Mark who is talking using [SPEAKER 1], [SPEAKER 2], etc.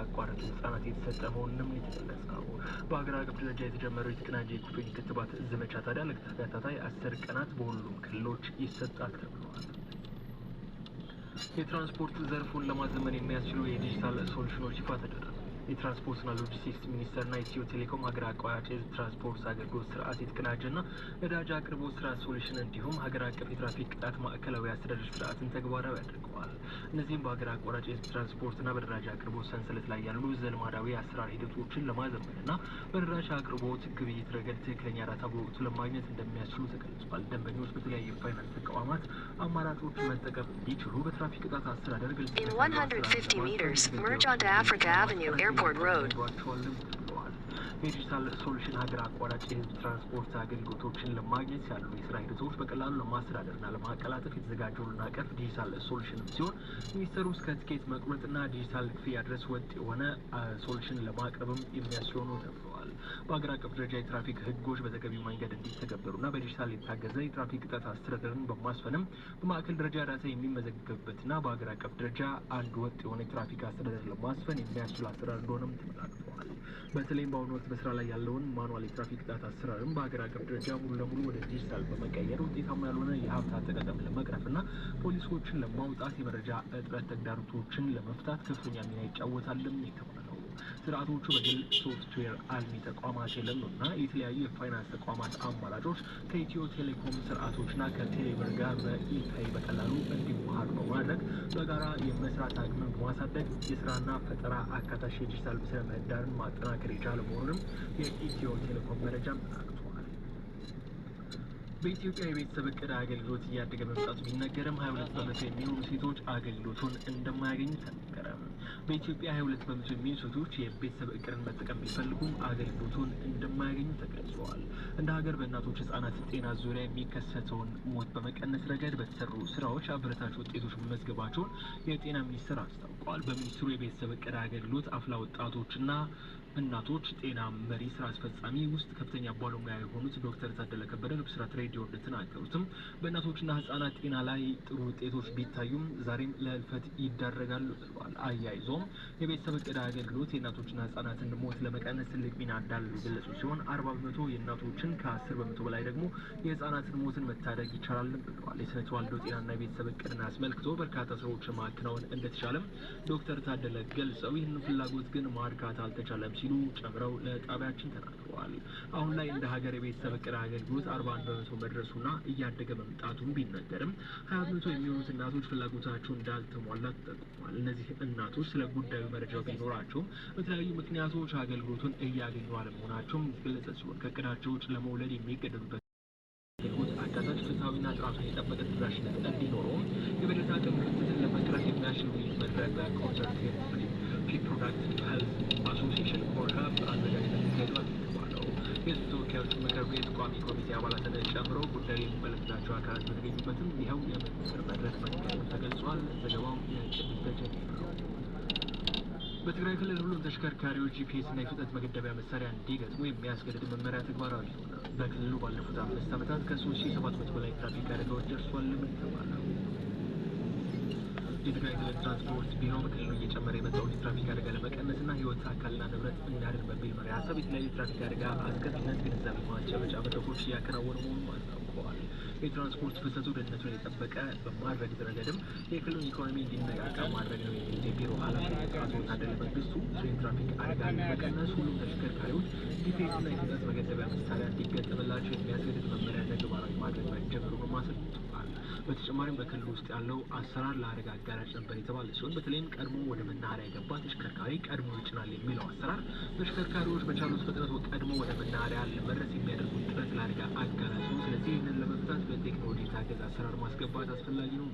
[SPEAKER 1] ላቋረጡ ህጻናት የተሰጠ መሆኑንም ነው። በሀገር አቀፍ ደረጃ የተጀመረው የተቀናጀ የኩፍኝ ክትባት ዘመቻ ታዲያ ለተከታታይ አስር ቀናት በሁሉም ክልሎች ይሰጣል ተብለዋል። የትራንስፖርት ዘርፉን ለማዘመን የሚያስችሉ የዲጂታል ሶሉሽኖች ይፋ ተደረገ። የትራንስፖርትና ሎጂስቲክስ ሚኒስቴርና ኢትዮ ቴሌኮም ሀገር አቋራጭ የህዝብ ትራንስፖርት አገልግሎት ስርዓት የተቀናጀና ነዳጅ አቅርቦት ስራ ሶሉሽን እንዲሁም ሀገር አቀፍ የትራፊክ ቅጣት ማዕከላዊ አስተዳደር ስርዓትን ተግባራዊ ያደርገዋል። እነዚህም በሀገር አቋራጭ የህዝብ ትራንስፖርትና በነዳጅ አቅርቦት ሰንሰለት ላይ ያሉ ዘልማዳዊ አሰራር ሂደቶችን ለማዘመንና በነዳጅ አቅርቦት ግብይት ረገድ ትክክለኛ ዳታ በወቅቱ ለማግኘት እንደሚያስችሉ ተገልጿል። ደንበኞች በተለያዩ ፋይናንስ ተቋማት አማራጮች መጠቀም እንዲችሉ በትራፊክ ቅጣት አስተዳደር
[SPEAKER 2] ግልጽ Concord Road.
[SPEAKER 1] የዲጂታል ሶሉሽን ሀገር አቋራጭ የህዝብ ትራንስፖርት አገልግሎቶችን ለማግኘት ያሉ የስራ ሂደቶች በቀላሉ ለማስተዳደርና ለማቀላጠፍ ዲጂታል ሶሉሽን ሲሆን ሚኒስተሩ እስከ ትኬት መቁረጥና ዲጂታል ክፍያ ድረስ ወጥ የሆነ ሶሉሽን ለማቅረብም የሚያስችለው ነው ተብሏል። በሀገር አቀፍ ደረጃ የትራፊክ ህጎች በተገቢው መንገድ እንዲተገበሩና በዲጂታል የታገዘ የትራፊክ ቅጣት አስተዳደርን በማስፈንም በማዕከል ደረጃ ዳታ የሚመዘገብበትና በሀገር አቀፍ ደረጃ አንድ ወጥ የሆነ የትራፊክ አስተዳደር ለማስፈን የሚያስችል አሰራር እንደሆነም ተመላክተዋል። በተለይም በአሁኑ ወቅት በስራ ላይ ያለውን ማኑዋል የትራፊክ ቅጣት አሰራርን በሀገር አቀፍ ደረጃ ሙሉ ለሙሉ ወደ ዲጂታል በመቀየር ውጤታማ ያልሆነ የሀብት አጠቃቀም ለመቅረፍና ፖሊሶችን ለማውጣት የመረጃ እጥረት ተግዳሮቶችን ለመፍታት ከፍተኛ ሚና ይጫወታልም የተባለ ስርዓቶቹ በግል ሶፍትዌር አልሚ ተቋማት የለም እና የተለያዩ የፋይናንስ ተቋማት አማራጮች ከኢትዮ ቴሌኮም ስርዓቶችና ከቴሌብር ጋር በኢታይ በቀላሉ እንዲዋሃዱ በማድረግ በጋራ የመስራት አቅምን በማሳደግ የስራና ፈጠራ አካታች የዲጂታል ስነ ምህዳርን ማጠናከር የቻለ መሆኑንም የኢትዮ ቴሌኮም መረጃ አመላክቷል። በኢትዮጵያ የቤተሰብ እቅድ አገልግሎት እያደገ መምጣቱ ቢነገርም ሀያ ሁለት በመቶ የሚሆኑ ሴቶች አገልግሎቱን እንደማያገኙ ተነገረም። በኢትዮጵያ ሀያ ሁለት በመቶ የሚሆኑ ሴቶች የቤተሰብ እቅድን መጠቀም ቢፈልጉም አገልግሎቱን እንደማያገኙ ተገልጸዋል። እንደ ሀገር በእናቶች ህጻናት ጤና ዙሪያ የሚከሰተውን ሞት በመቀነስ ረገድ በተሰሩ ስራዎች አበረታች ውጤቶች መመዝገባቸውን የጤና ሚኒስቴር አስታውቋል። በሚኒስትሩ የቤተሰብ እቅድ አገልግሎት አፍላ ወጣቶችና እናቶች ጤና መሪ ስራ አስፈጻሚ ውስጥ ከፍተኛ ባለሙያ የሆኑት ዶክተር ታደለ ከበደ ለብስራት ሬዲዮ እንደተናገሩትም በእናቶችና ህጻናት ጤና ላይ ጥሩ ውጤቶች ቢታዩም ዛሬም ለህልፈት ይዳረጋሉ ብለዋል። አያይዞም የቤተሰብ እቅድ አገልግሎት የእናቶችና ህጻናትን ሞት ለመቀነስ ትልቅ ሚና እንዳለው የገለጹ ሲሆን አርባ በመቶ የእናቶችን ከአስር በመቶ በላይ ደግሞ የህጻናትን ሞትን መታደግ ይቻላል ብለዋል። የስነ ተዋልዶ ጤናና የቤተሰብ እቅድን አስመልክቶ በርካታ ስራዎችን ማከናወን እንደተቻለም ዶክተር ታደለ ገልጸው ይህንን ፍላጎት ግን ማርካት አልተቻለም ሲሉ ጨምረው ለጣቢያችን ተናግረዋል። አሁን ላይ እንደ ሀገር የቤተሰብ እቅድ አገልግሎት አርባ አንድ በመቶ መድረሱና እያደገ መምጣቱን ቢነገርም ሀያ በመቶ የሚሆኑት እናቶች ፍላጎታቸው እንዳልተሟላ ተጠቁሟል። እነዚህ እናቶች ስለ ጉዳዩ መረጃው ቢኖራቸውም በተለያዩ ምክንያቶች አገልግሎቱን እያገኙ አለመሆናቸውም ገለጸ ሲሆን ከእቅዳቸው ውጭ ለመውለድ የሚገደዱበት ህይወት አዳታች ፍትሐዊና ጥራቱን የጠበቀ ተደራሽነት እንዲኖረውም የበለጠ አቅም ክፍተትን ለመቅረፍ የሚያስችል ውይይት መድረክ ኮንሰርት ተወካዮች ምክር ቤት ቋሚ ኮሚቴ አባላትን ጨምሮ ጉዳዩ የሚመለከታቸው አካላት በተገኙበትም ይኸው የምክክር መድረክ መገኘቱ ተገልጿል። ዘገባው የጭድት ደጀኔ ነው። በትግራይ ክልል ሁሉም ተሽከርካሪዎች ጂፒኤስ እና የፍጥነት መገደቢያ መሳሪያ እንዲገጥሙ የሚያስገድድ መመሪያ ተግባራዊ ሆነ። በክልሉ ባለፉት አምስት ዓመታት ከሶስት ሺህ ሰባት መቶ በላይ ትራፊክ አደጋዎች ደርሷል። ለምን የተባለው የትግራይ ክልል ትራንስፖርት ቢሮ በክልሉ እየጨመረ የትራፊክ አካልና ንብረት እንዳድን በሚል መሪ ሀሳብ የተለያዩ ትራፊክ አደጋ አስከፊነት ግንዛቤ ማስጨበጫ መድረኮች እያከናወኑ መሆኑ አስታውቀዋል። የትራንስፖርት ፍሰቱ ደህንነቱን የጠበቀ በማድረግ ረገድም የክልሉን ኢኮኖሚ እንዲነቃቃ ማድረግ ነው የሚል የቢሮ ኃላፊ አቶ ታደለ መንግስቱ የትራፊክ አደጋ ለመቀነስ ሁሉም ተሽከርካሪዎች ጂፒኤስና የፍጥነት መገደቢያ መሳሪያ እንዲገጠምላቸው የሚያስገድድ መመሪያ ተግባራዊ ማድረግ መጀመሩን አስረድተዋል። በተጨማሪም በክልል ውስጥ ያለው አሰራር ለአደጋ አጋላጭ ነበር የተባለ ሲሆን በተለይም ቀድሞ ወደ መናኸሪያ የገባ ተሽከርካሪ ቀድሞ ይጭናል የሚለው አሰራር ተሽከርካሪዎች በቻሉት ፍጥነት ቀድሞ ወደ መናኸሪያ ለመድረስ የሚያደርጉት ጥረት ለአደጋ አጋላጭ ነው። ስለዚህ ይህንን ለመፍታት በቴክኖሎጂ የታገዘ አሰራር ማስገባት አስፈላጊ ነው።